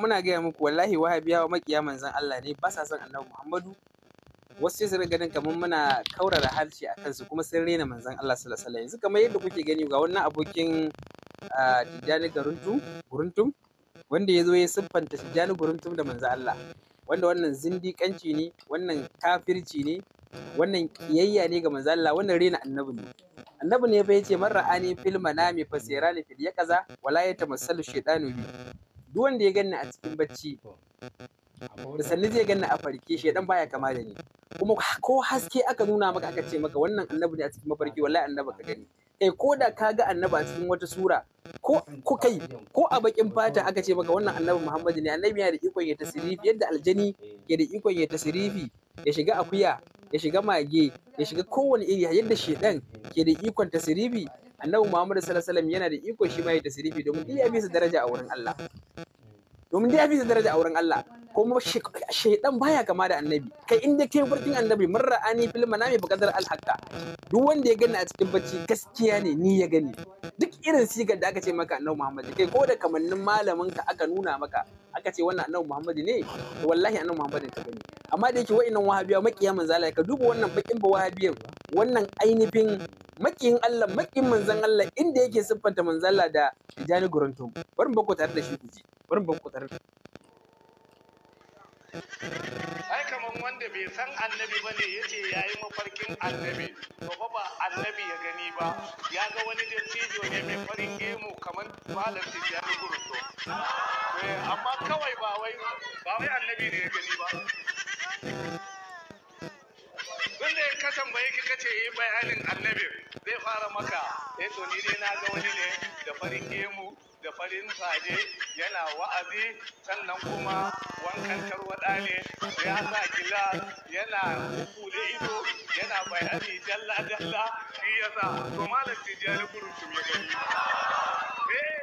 muna gaya muku wallahi wahabiyawa makiya manzan Allah ne ba sa son annabi Muhammadu wasu sai su ganin kamar muna kaurara harshe a kansu kuma sun rena manzan Allah sallallahu alaihi yanzu kamar yadda kuke gani ga wannan abokin Tijjani Garuntum Guruntum wanda ya zo ya siffanta Tijjani Guruntum da manzan Allah wanda wannan zindiƙanci ne wannan kafirci ne wannan kiyayya ne ga manzan Allah wannan rena annabi ne annabi ne fa yace man ra'ani fil manami fa sirani fil yaqaza wala yatamassalu shaytanu bi duk wanda ya ganni a cikin bacci da sanni zai ganni a farke shi dan baya kama da ni kuma ko haske aka nuna maka aka ce maka wannan annabi ne a cikin mafarki wallahi annabi ka gani eh ko da ka ga annabi a cikin wata sura ko ko kai ko a bakin fata aka ce maka wannan annabi Muhammadu ne annabi yana da ikon ya tasirifi yadda aljani ya da ikon ya tasirifi ya shiga akuya ya shiga mage ya shiga kowane iri yadda shedan ke da ikon tasirifi annabi Muhammadu sallallahu alaihi yana da iko shi ma ya tasrifi domin dai ya daraja a wurin Allah domin dai ya fi daraja a wurin Allah kuma shaidan baya kama da annabi kai inda kai farkin annabi mun ra'ani fil manami bi qadar al haqqa duk wanda ya gani a cikin bacci gaskiya ne ni ya gani duk irin sigar da aka ce maka annabi Muhammad kai ko da kamannin malamin ka aka nuna maka aka ce wannan annabi Muhammad ne wallahi annabi Muhammad ka gani amma da yake wa'annan wahabiya makiya manzo Allah ka duba wannan bakin ba wahabiyan wannan ainihin makiyin Allah makiyin manzon Allah inda yake siffanta manzon Allah da Tijani Gurantum barin bako tare da shi ku ji barin bako tare da ai kaman wanda bai san annabi ba ne ya ce ya yi mafarkin annabi ba ba annabi ya gani ba ya ga wani dattijo ne mai farin gemu kamar malam Tijani Gurantum eh, amma kawai ba wai ba wai annabi ne ya gani ba tun da ka tambaye ka kace yi eh, bayanin annabi zai fara maka eh to ni dai na ga wani ne da farin gemu da farin fade yana wa'azi sannan kuma wankan tarwada ne ya sa gila yana kule ido yana bayani jalla jalla shi yasa to malam tijjani kurusum ya gani eh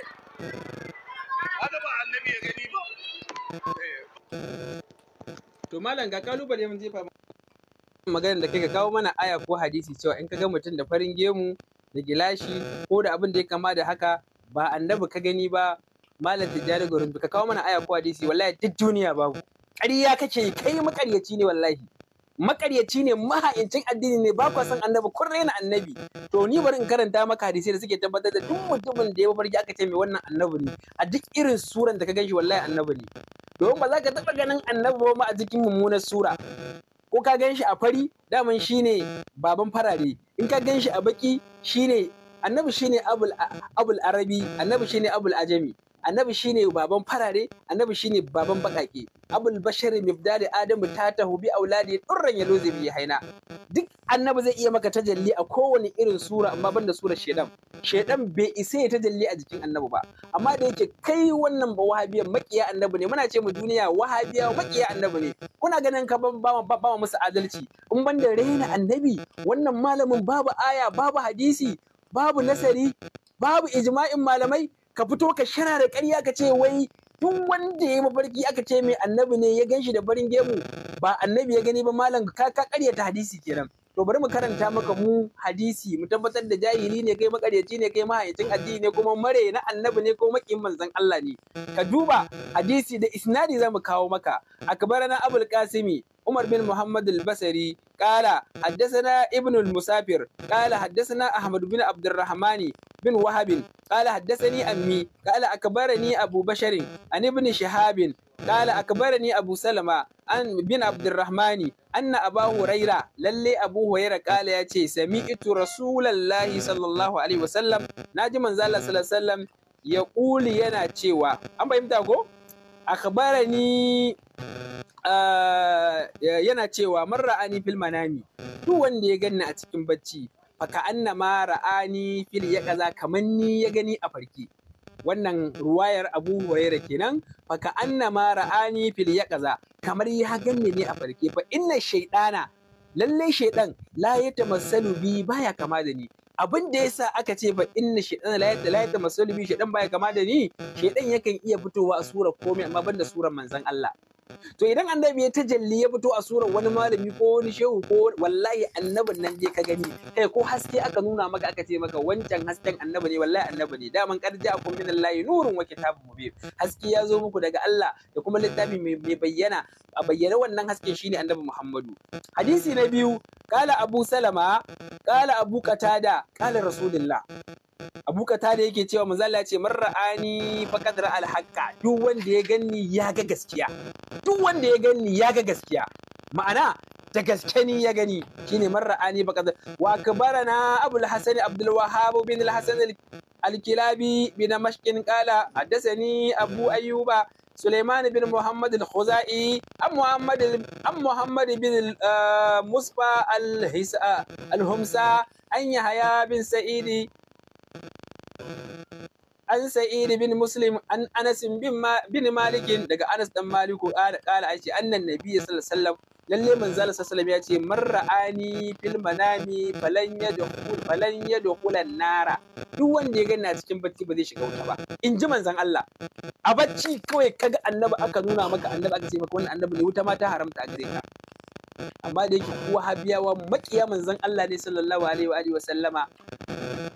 hada ba annabi ya gani ba eh. to malam ga kalubale mun jefa maganar da kai kawo mana aya ko hadisi cewa in ka ga mutum da farin gemu da gilashi ko da abin da ya kama da haka ba annabi ka gani ba malam tijjani gurin ka kawo mana aya ko hadisi wallahi duk duniya babu ƙarya kake kai makaryaci ne wallahi makaryaci ne maha'incin addini ne ba kwa san annabi kun raina annabi to ni bari in karanta maka hadisi da suke tabbatar da duk mutumin da ya mafarki aka ce mai wannan annabi ne a duk irin suran da ka ganshi wallahi annabi ne domin ba za ka taɓa ganin annabi ba ma a jikin mummunar sura ko ka gan shi a fari daman shine baban farare in ka gan shi a baki shine annabi shine abul abul arabi annabi shine abul ajami annabi shine baban farare annabi shine baban bakake abul bashari mifdali adamu ta tahu bi auladi durran ya loze bi haina duk annabi zai iya maka tajalli a kowane irin sura amma banda sura shedan shedan bai isa ya tajalli a jikin annabi ba amma da yake kai wannan ba wahabiya makiya annabi ne muna ce mu duniya wahabiya makiya annabi ne kuna ganin ka ban ba ba musu adalci in banda raina annabi wannan malamin babu aya babu hadisi babu nasari babu ijma'in malamai ka fito ka shana da ƙarya ka ce ah. wai tun wanda ya mafarki aka ce mai annabi ne ya ganshi da farin gemu ba annabi ya gani ba malam ka ka ta hadisi kenan to bari mu karanta maka mu hadisi mu tabbatar da jahili ne kai makaryaci ne kai mahaicin addini ne kuma mare na annabi ne ko makin manzan Allah ne ka duba hadisi da isnadi zamu kawo maka akbar na abul qasimi umar bin muhammad al-basri qala haddathana ibnu al-musafir qala na ahmad bin abd al-rahman bin wahab qala haddathani ammi qala akbarani abu bashr an Shihabin. قال أكبرني أبو سلمة أن بن عبد الرحمن أن أبا هريرة للي أبو هريرة قال يا شيء سمعت رسول الله صلى الله عليه وسلم ناجي من زال صلى الله عليه وسلم يقول ينا تشيوا أم فهمت أخبرني Uh, yana cewa man ra'ani fil manami duk wanda ya gani a cikin bacci faka anna ma ra'ani fil wannan ruwayar abu huraira kenan faka ma ra'ani fil yaqaza kamar ya ganne ne a farke fa inna shaydana lalle shaydan la yatamassalu bi baya kama da ni abin da yasa aka ce fa inna shaydan la yatamassalu bi shaydan baya kama da ni shaydan yakan iya fitowa a surar komai amma banda surar manzan Allah to idan annabi ya tajalli ya fito a surar wani malami ko wani shehu ko wallahi annabin nan je ka gani kai ko haske aka nuna maka aka ce maka wancan hasken annabi ne wallahi annabi ne daman karja akum min layi, nurun wa kitabun mubin haske ya zo muku daga Allah da kuma littafi mai bayyana a bayyana wannan hasken shine annabi Muhammadu hadisi na biyu kala abu salama kala abu qatada kala rasulullah Abu Qatada yake cewa manzo ce man ra'ani faqad ra'al haqqa duk wanda ya ganni ya ga gaskiya duk wanda ya ganni ya ga gaskiya ma'ana da gaske ni ya gani shine man ra'ani faqad wa akbarana Abu al-Hasan Abdul Wahhab bin al-Hasan al-Kilabi bin Mashkin qala haddathani Abu Ayyuba سليمان بن محمد الخزائي أم محمد أم محمد بن مصفى الهمسا أن يحيى بن سعيد an sa'id bin muslim an anas bin malik daga anas dan ko qala qala ce annan nabi sallallahu alaihi wasallam lalle manzo Allah sallallahu ya ce man ra'ani fil manami falan yadkhul falan yadkhul nara duk wanda ya gani cikin bacci ba zai shiga wuta ba in ji manzon Allah a bacci kawai kaga annabi aka nuna maka annabi aka ce maka wannan annabi ne wuta ma ta haramta a gare ka amma da yake kuwa habiyawa makiya manzon Allah ne sallallahu alaihi wa alihi wa sallama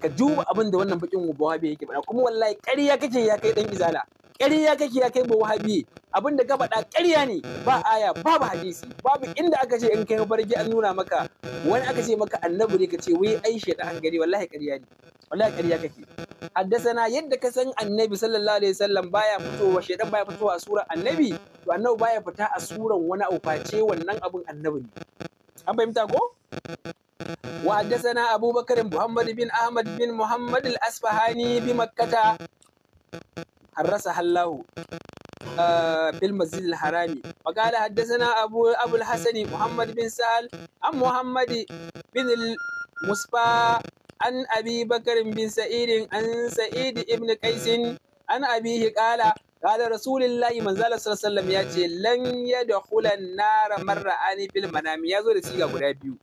ka duba abin da wannan bakin wahabi yake faɗa kuma wallahi ƙarya kake ya kai dan izala ƙarya kake ya kai wahabi abin da ka faɗa ƙarya ne ba aya babu hadisi babu inda aka ce in kai mafarki an nuna maka wani aka ce maka annabi ne ka ce wai ai shaitan gari wallahi ƙarya ne wallahi ƙarya kake haddasana yadda ka san annabi sallallahu alaihi wasallam baya fitowa shaitan baya fitowa a annabi to annabi baya fita a surar wani abu ce wannan abin annabi ne an fahimta ko وحدثنا أبو بكر محمد بن أحمد بن محمد الأصفهاني بمكة حرسها الله في المسجد الحرامي وقال حدثنا أبو أبو الحسن محمد بن سهل عن محمد بن المصفى عن أبي بكر بن سعيد عن سعيد ابن قيس عن أبيه قال قال رسول الله من زال صلى الله عليه وسلم يأتي لن يدخل النار مرة أني في المنام يزور سيغا قرابيو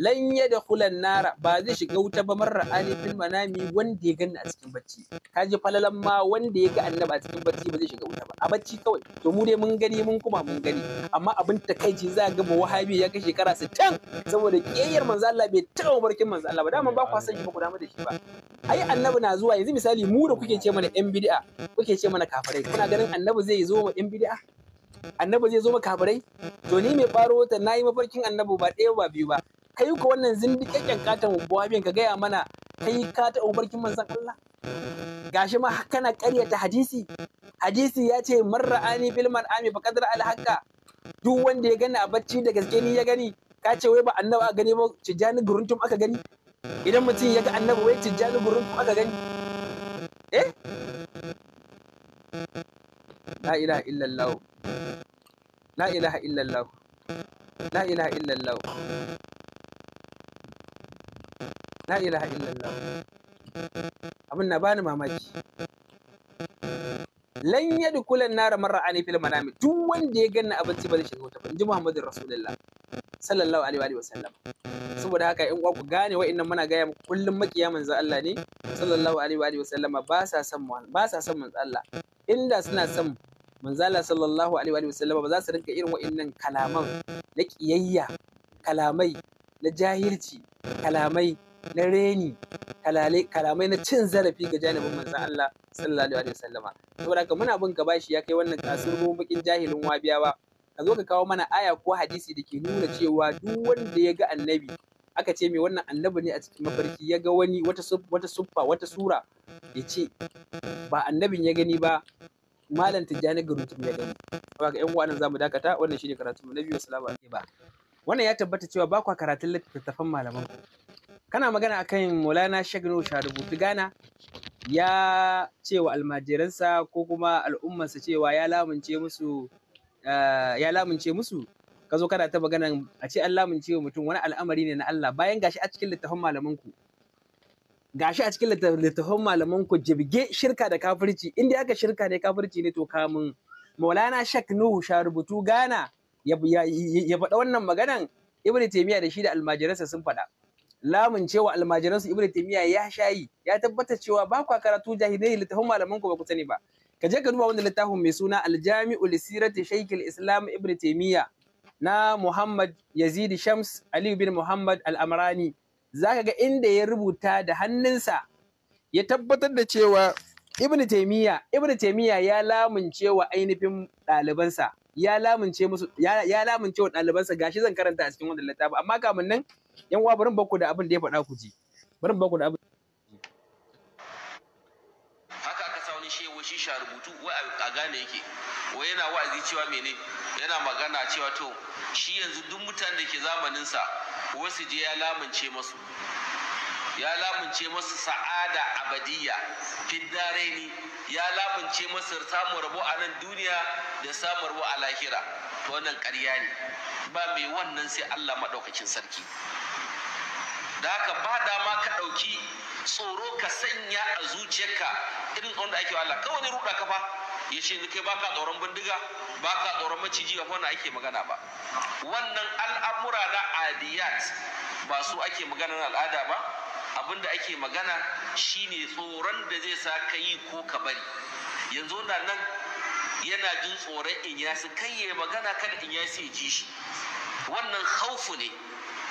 lan ya da hulan nara ba zai shiga wuta ba marar ani fil manami wanda ya ganni a cikin bacci kaji falalan ma wanda ya ga annaba a cikin bacci ba zai shiga wuta ba a bacci kawai to mu dai mun gani mun kuma mun gani amma abin takaici za ga wahabi ya kai shekara 60 saboda kiyayyar manzo Allah bai taɓa barkin manzo Allah ba dama ba kwa san shi ba ku damu da shi ba ai annabi na zuwa yanzu misali mu da kuke ce mana yan bid'a kuke ce mana kafirai kuna ganin annabi zai zo ma yan bid'a annabi zai zo ma kafirai to ni mai faro ta nayi mafarkin annabi ba ɗaya ba biyu ba kai ko wannan zindikakken katon biyan ka gaya mana kai ka ta ubarkin manzon Allah gashi ma kana karyata hadisi hadisi ya ce marra'ani bil mar'ami fa qadra al haqqa duk wanda ya gani a bacci da gaske ni ya gani ka ce wai ba annabi a gani ba tijjani guruntum aka gani idan mutum ya ga annabi wai tijjani guruntum aka gani eh la ilaha illallah la ilaha illallah la ilaha illallah la ilaha illallah abin na bani mamaki lan yadkhulan nar marra ani fil manami duk wanda ya ganna abinci ba zai shiga wuta ba inji muhammadin rasulullah sallallahu alaihi wa sallam saboda haka in ku gane wa'annan muna gaya muku kullum makiya manzo Allah ne sallallahu alaihi wa sallama ba sa son ba sa son manzo Allah inda suna son manzo Allah sallallahu alaihi wa sallama ba za su rinka irin wa'annan kalaman na kiyayya kalamai na jahilci kalamai na reni kalamai na cin zarafi ga janibin manzan Allah sallallahu alaihi wasallama saboda haka muna bin gaba shi ya kai wannan kasurbin bakin jahilin wabiyawa ka zo ka kawo mana aya ko hadisi da ke nuna cewa duk wanda ya ga annabi aka ce mai wannan annabi ne a cikin mafarki ya ga wani wata suffa wata sura ya ce ba annabin ya gani ba malam tijjani garutum ya gani ba ga yan uwa nan zamu dakata wannan shine karatu na biyu salamu alaikum wannan ya tabbata cewa ba kwa karatun littattafan malaman kana magana akan Maulana Sheikh Nuhu rubutu Ghana ya cewa almajiransa ko kuma al'ummarsa cewa ya lamunce musu eh, ya lamunce ka zo kana ta magana a ce an lamunce wa mutum wani al'amari ne na Allah bayan gashi a cikin littafin malaman gashi a cikin littafin malaman jibge shirka da kafirci inda aka shirka ne kafirci ne to kamun Maulana Sheikh Nuhu rubutu Gana ya faɗa wannan maganan Ibn Taymiyyah da shi da almajiransa sun faɗa lamun cewa almajiransu ibnu taymiya ya shayi ya tabbata cewa ba kwa karatu jahilai littafin malaman ku ba ku sani ba ka je ka duba wannan littafin mai suna aljami'u lisirati shaykh islam ibnu taymiya na muhammad yazid shams ali bin muhammad al-amrani zaka ga inda ya rubuta da hannunsa ya tabbatar da cewa ibnu taymiya ibnu taymiya ya lamun cewa ainihin ɗalibansa ya lamunce musu ya lamunce wa ɗalibansa gashi zan karanta a cikin wannan littafin amma kamun nan yan uwa barin bako da abin da ya faɗa ku ji barin bako da abin haka aka sa wani shehu shi sha rubutu wai a gane yake wai yana wa'azi cewa mene yana magana cewa to shi yanzu duk mutanen da ke zamanin sa wasu je ya lamunce masu ya lamunce masu sa'ada abadiyya fiddaraini ya lamunce masu samun rabo a nan duniya da samun rabo a lahira to wannan ƙarya ne ba mai wannan sai Allah maɗaukacin sarki da haka ba dama ka ɗauki tsoro ka sanya a zuciyarka irin wanda ake wa Allah kawai ruɗa kafa ya ce ni kai baka tsoron bindiga baka tsoron maciji ba wani ake magana ba wannan al'amura na adiyat ba su ake magana na al'ada ba abinda ake magana shine tsoron da zai sa ka yi ko ka bari yanzu na nan yana jin tsoron in su kai ya magana kada in ya ji shi wannan haufu ne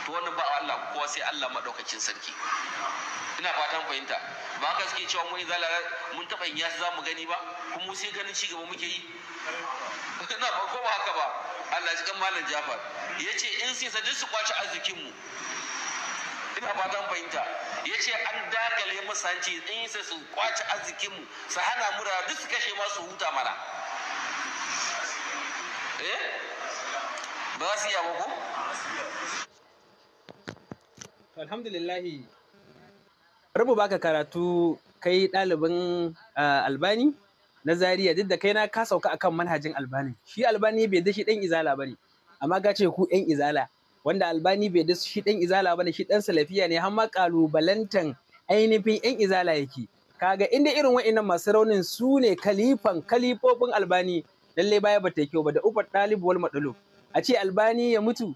to wani ba Allah kowa sai Allah madaukakin sarki ina fatan fahimta ba haka suke cewa mun zala mun taba in yasa mu gani ba kuma sai ganin ci gaba muke yi ina ba ko ba haka ba Allah ji kan malam Jafar yace in sai sadin su kwaci arzikin mu ina fatan fahimta yace an dagale masa hanci in sai su kwaci arzikin mu su hana mu da duk su kashe ma su huta mana eh ba su yi ba ko alhamdulillahi rubu baka karatu kai ɗalibin ah, albani na zaria duk da kai na ka sauka akan manhajin albani shi albani bai da shi ɗan izala bane amma ka ce ku ɗan izala wanda albani bai da shi ɗan izala bane shi ɗan salafiya ne har ma ƙalubalantan ainihin ɗan izala yake kaga inda irin wa'annan masu raunin su ne kalifan kalifofin albani lallai baya bata kyau ba da ufar ɗalibu wal a ce albani ya mutu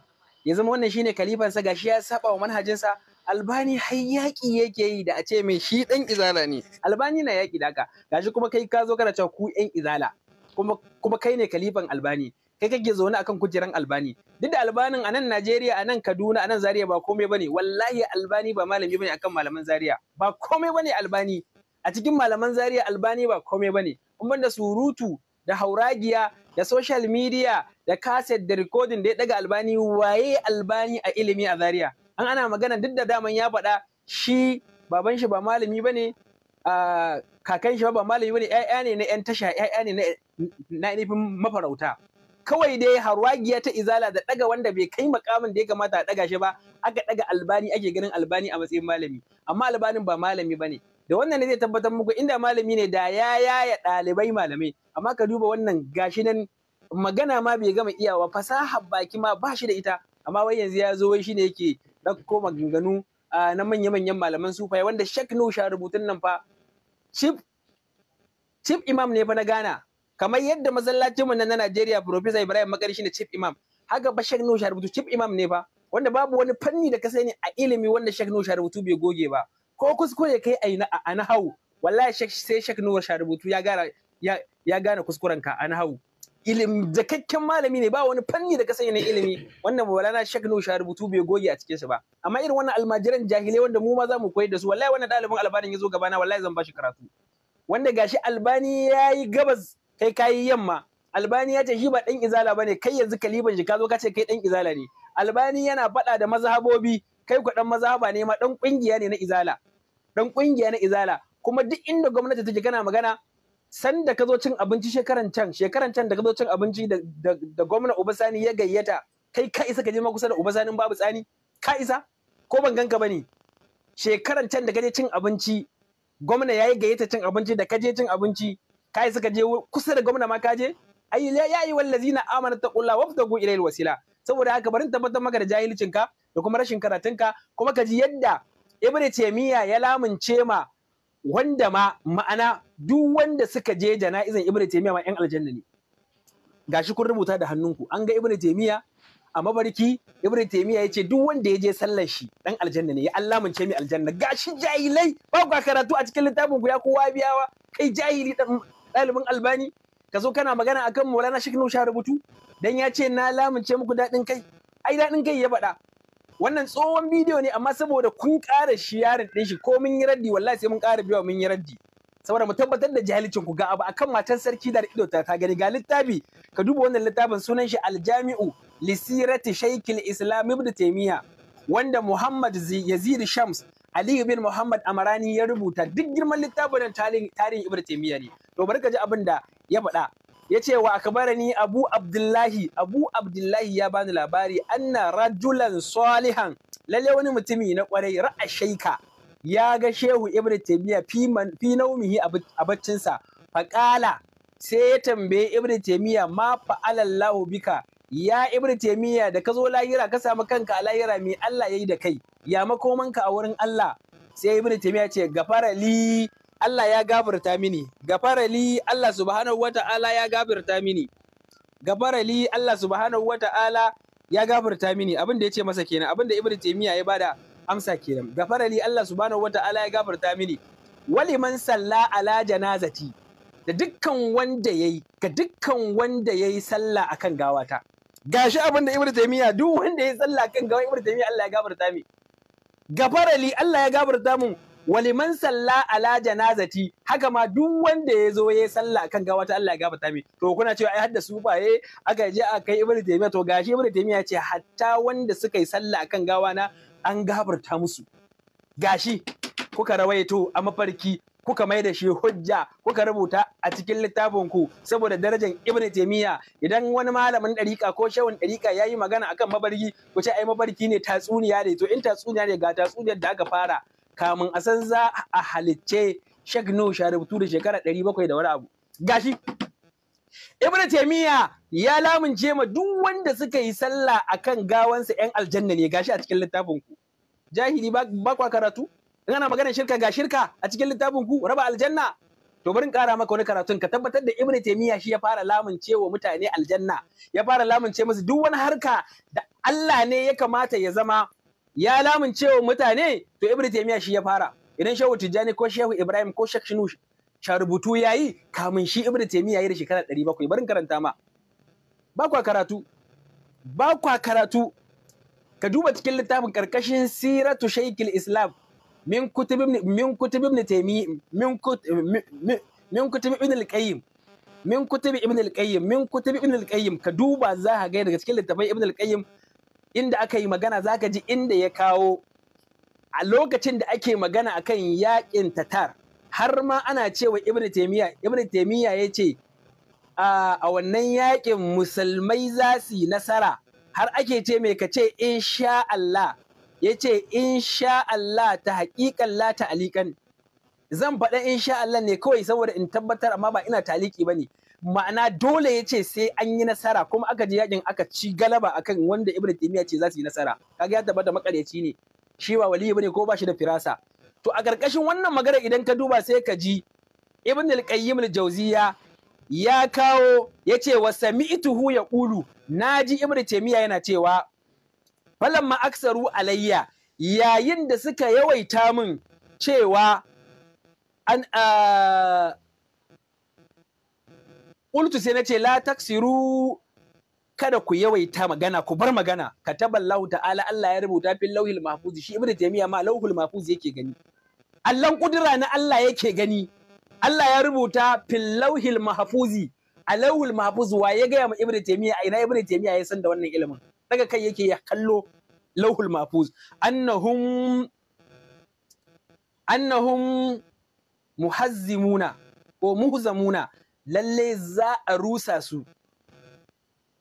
ya zama wannan shine kalifansa gashi ya saba wa manhajinsa albani har yaƙi yake yi da a ce mai shi ɗan izala ne albani na yaƙi da gashi kuma kai ka zo kana cewa ku ɗan izala kuma kuma kai ne kalifan albani kai kake zaune akan kujeran albani duk da albanin a nan najeriya a nan kaduna a nan zaria ba komai bane wallahi albani ba malami bane akan malaman zaria ba komai bane albani a cikin malaman zaria albani ba komai bane kuma da surutu da hauragiya da social media da kaset da recording da ya daga albani waye albani a ilimi a zaria an ana magana duk da daman ya faɗa shi baban shi ba malami bane a kakan shi ba malami bane ƴaƴa ne na ƴan tasha 'ya'ya ne na nufin mafarauta kawai dai harwagiya ta izala da daga wanda bai kai makamin da ya kamata a daga shi ba aka daga albani ake ganin albani a matsayin malami amma albanin ba malami bane da wannan ne zai tabbatar muku inda malami ne da ya yaya ɗalibai malamai amma ka duba wannan gashi nan magana ma bai gama iyawa fasaha baki ma ba shi da ita amma wai yanzu ya zo wai shine yake ɗauko maganganu na manya-manyan malaman sufai wanda shek sha rubutun nan fa chief chief imam ne fa na gana kamar yadda masallacin mu na Najeriya Professor Ibrahim Makari shine chief imam haka ba shek sha rubutu chief imam ne fa wanda babu wani fanni da ka sani a ilimi wanda shek sha rubutu bai goge ba ko kuskure kai a na hau wallahi sai shek nuwar sha rubutu ya gara ya gane kuskurenka a na ilim jakakken malami ne ba wani fanni da ka sani na ilimi wannan na shek nuwar sha rubutu bai goge a cikinsa ba amma irin wannan almajiran jahilai wanda mu ma za mu koyar da su wallahi wannan dalibin albanin ya zo na? wallahi zan bashi karatu wanda gashi albani ya yi gabas kai kayi yamma albani ya ce shi ba ɗan izala ba ne kai yanzu kaliban shi ka zo ka ce kai ɗan izala ne albani yana faɗa da mazhabobi kai ku dan ba ne ma dan kungiya ne na izala dan kungiya na izala kuma duk inda gwamnati ta ji kana magana san da ka zo cin abinci shekaran can shekaran can da ka zo cin abinci da gwamna Sani ya gayyata kai ka isa ka je ma kusa da Sani babu tsani ka isa ko ban ganka bane shekaran can da ka je cin abinci gwamna ya yi gayyata cin abinci da ka je cin abinci ka isa ka je kusa da gwamna ma ka je ai ya yi wallazina amana taqulla wafdagu ilal wasila saboda haka barin tabbatar maka da jahilcin ka. da kuma rashin karatunka kuma ka ji yadda ibn taymiya ya lamunce ma wanda ma ma'ana duk wanda suka je jana'izan ibn taymiya ma yan aljanna ne gashi kun rubuta da hannunku an ga ibn taymiya a mabarki ibn taymiya ce duk wanda ya je sallar shi dan aljanna ne ya allamunce mai aljanna gashi jahilai ba ku karatu a cikin littafin ku ya kowa biyawa kai jahili dan ɗalibin albani ka zo kana magana akan maulana sheknu sha rubutu dan ya ce na lamunce muku daɗin kai ai daɗin kai ya baɗa. wannan tsohon bidiyo ne amma saboda kun ƙara shi yarin ɗin shi ko mun yi raddi wallahi sai mun ƙara biyawa mun yi raddi saboda mu tabbatar da jahilcin ku ga abu akan matan sarki da ido ta gani ga littafi ka duba wannan littafin sunan shi aljami'u lisirati shaykhil islam ibnu taymiya wanda muhammad yazid shams ali bin muhammad amarani ya rubuta duk girman littafin tarihin ibnu taymiya ne to bari ka ji abin da ya faɗa ya ce wa ni abu abdullahi abu abdullahi ya bani labari anna rajulan salihan lalle wani mutumi na kwarai ra'a shaika ya ga shehu ibn taymiya fi naumihi a baccinsa faƙala sai ya tambaye ibn taymiya ma fa'alallahu bika ya ibn taymiya da ka zo lahira ka samu kanka a lahira me Allah ya yi da kai ya makomanka a wurin Allah sai ibn taymiya ce gafara li Allah ya gafarta mini ga farali Allah subhanahu wata'ala ya gafarta mini ga farali Allah subhanahu wata'ala ya gafarta mini abin da ya ce masa kenan abin da Ibn Taymiyyah ya bada amsa kenan ga farali Allah subhanahu wata'ala ya gafarta mini waliman salla ala janazati da dukkan wanda yayi ga dukkan wanda yayi sallah akan gawata gashi abin da Ibn Taymiyyah duk wanda yayi sallah akan gawa Ibn Taymiyyah Allah ya gafarta mi Gafarali Allah ya gafarta mun waliman salla ala janazati haka ma duk wanda ya zo ya sallah kan gawa ta Allah ya gafarta mai to kuna cewa ai hadda sufaye aka je aka kai ibnu taymiya to gashi ibnu taymiya ce hatta wanda suka yi sallah kan gawa na an gafarta musu gashi kuka rawaito a mafarki kuka mai da shi hujja kuka rubuta a cikin littafin ku saboda darajar ibnu taymiya idan wani malamin dariƙa ko shawun dariƙa yayi magana akan mabarki ku ce ai mabarki ne tatsuniya ne to in tatsuniya ne ga tatsuniyar da aka fara kamun a san za a halicce Sheikh Nuhu Shaributu da shekara ɗari bakwai da wani abu. Gashi Ibn Taymiya ya lamunce ma duk wanda suka yi sallah akan gawansa 'yan aljanna ne gashi a cikin littafin ku. Jahili ba kwa karatu? In ana maganar shirka ga shirka a cikin littafin ku raba aljanna. To bari in ƙara maka wani karatun ka tabbatar da Ibn Taymiya shi ya fara lamunce wa mutane aljanna. Ya fara lamunce musu duk wani harka da Allah ne ya kamata ya zama ya cewa mutane to ibnu taymiya shi ya fara idan shehu tijjani ko shehu ibrahim ko shek shinu sharubutu yayi kamun shi ibnu taymiya yayi da shekara 700 barin karanta ma ba kwa karatu ba kwa karatu ka duba cikin littafin karkashin siratu shaykil islam min kutub ibn min kutub ibn taymiya min min kutub ibn al-qayyim min kutub ibn al-qayyim min kutub ibn al-qayyim ka duba za ka ga daga cikin littafin ibn al-qayyim inda aka yi magana zaka ji inda ya kawo a lokacin da ake magana akan yaƙin tatar har ma ana cewa ibn taimiyya ibn taimiyya ya ce a wannan yaƙin musulmai za su yi nasara har ake ce mai ka ce insha Allah ya ce insha Allah ta haƙiƙan la alikan zan faɗa insha Allah ne kawai saboda in tabbatar amma ba ina taliki ba ne ma'ana dole ya ce sai an yi nasara kuma aka ji yakin aka ci galaba akan wanda ibn timiya ce za su yi nasara kaga ya tabbata makaryaci ne shi ba waliyi bane ko ba shi da firasa to a ƙarƙashin wannan magana idan ka duba sai ka ji ibn al-qayyim al-jawziya ya kawo ya ce wa sami'tuhu ya kulu na ji ibn timiya yana cewa falamma aksaru alayya yayin da suka yawaita min cewa an uh, Kultu sai na ce la taksiru kada ku yawaita magana ku bar magana Ka Allahu ta'ala Allah ya rubuta fil lauhil mahfuz shi ibnu taymiya ma lauhul mahfuz yake gani Allah kudura na Allah yake gani Allah ya rubuta fil lauhil mahfuzi a lauhul mahfuz wa ya gaya ma ibnu taymiya ina ibnu taymiya ya san da wannan ilimin daga kai yake ya kallo lauhul mahfuz annahum annahum muhazzimuna ko muhzamuna lalle za a rusa su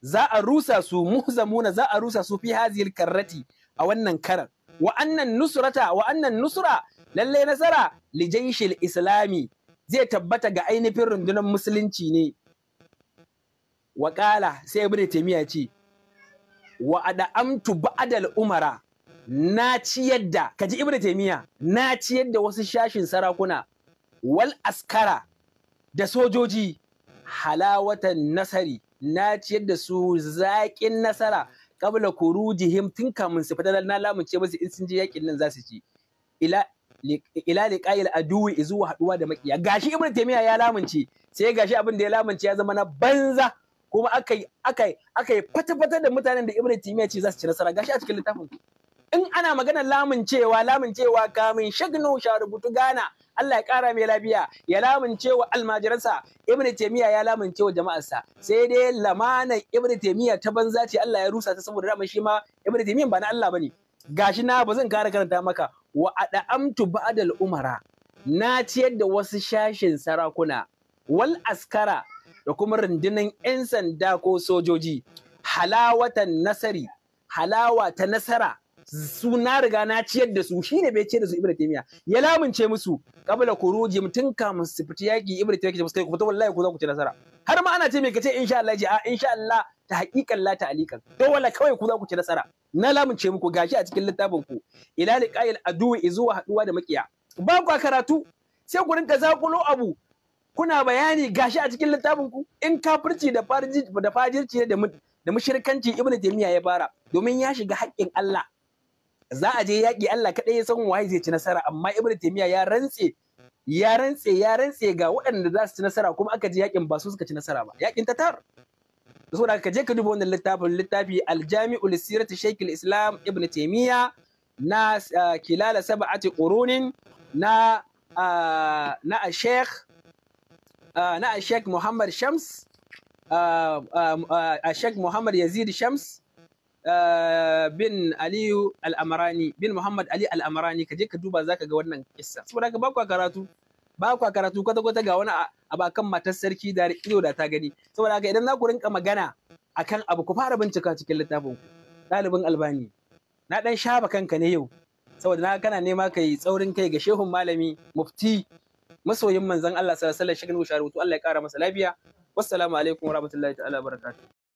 za a rusa su zamuna za a rusa su fi hazil karrati a wannan karar. Wa'annan annan nusrata wa annan nusra lalle nasara li jaishil islami zai tabbata ga ainihin rundunar musulunci ne Waƙala sai ibn taymiya ce wa amtu Ba'adal umara na ciyar da kaji ibn taymiya na ciyar da wasu shashin sarakuna wal askara da sojoji halawatan nasari na ciyar da su zaƙin nasara kabla kurujihim tun kamun su fita na lamunce musu in sun je yaƙin nan za su ci ila ila liqa'il aduwi zuwa haduwa da makiya gashi ibnu taymiya ya lamunce sai gashi abin da ya lamunce ya zama na banza kuma akai akai akai fata-fata da mutanen da ibnu taymiya ce za su ci nasara gashi a cikin littafin in ana maganar lamuncewa lamuncewa kamin shagnu sha rubutu gana Allah ya kara mai lafiya ya lamunce wa almajiransa ibnu taymiya ya lamunce wa jama'arsa sai dai lamanan ibnu taymiya ta banza ce Allah ya rusa ta saboda dama shi ma ibnu taymiya ba na Allah bane gashi na ba zan kara karanta maka wa ad'amtu ba'dal umara na ciyar da wasu shashin sarakuna wal askara da kuma rundunan 'yan sanda ko sojoji halawatan nasari halawa ta nasara su na riga na ciyar da su shine bai ciyar da su ibnu taymiya ya lamunce musu qabla khurujim tun kamun su fita yaki ibnu taymiya ke musu kai kuma fita wallahi ko za ku ci nasara har ma ana ce mai kace insha Allah ji a ah, insha Allah ta haƙiƙan la ta alikan to wala kawai ku za ku ci nasara na lamunce muku gashi a cikin littafin ku ila liqa'il aduwi izuwa haduwa da makiya ba ku karatu sai ku rinka zakulo abu kuna bayani gashi a cikin littafin ku in kafirci da fajirci da da mushirkanci ibnu taymiya ya fara domin ya shiga haƙƙin Allah za a je yaƙi Allah kaɗai ya san waye zai ci nasara amma Ibn Taymiyyah ya rantse ya rantse ya rantse ga waɗanda za su ci nasara kuma aka je yaƙin ba su suka ci nasara ba yaƙin Tatar saboda ka je ka duba wannan littafin littafi Al-Jami'ul Sirati islam Ibn Taymiyyah na ah, kilala sab'ati qurunin na ah, na Sheikh ah, na Sheikh Muhammad Shams a Sheikh Muhammad Yazid Shams bin Aliyu al bin Muhammad Ali alamarani ka je ka duba ka ga wannan kissa saboda ka ba kwa karatu ba kwa karatu kwata kwata ga wani abakan matar sarki da ido da ta gani saboda ka idan na ku rinka magana a kan abu ku fara bincika cikin littafin ku ɗalibin albani na ɗan shaba kanka ne yau saboda na kana nema ka yi tsaurin kai ga shehun malami mufti masoyin manzon Allah sallallahu alaihi wasallam shi Allah ya kara masa lafiya wassalamu alaikum warahmatullahi ta'ala barakatuh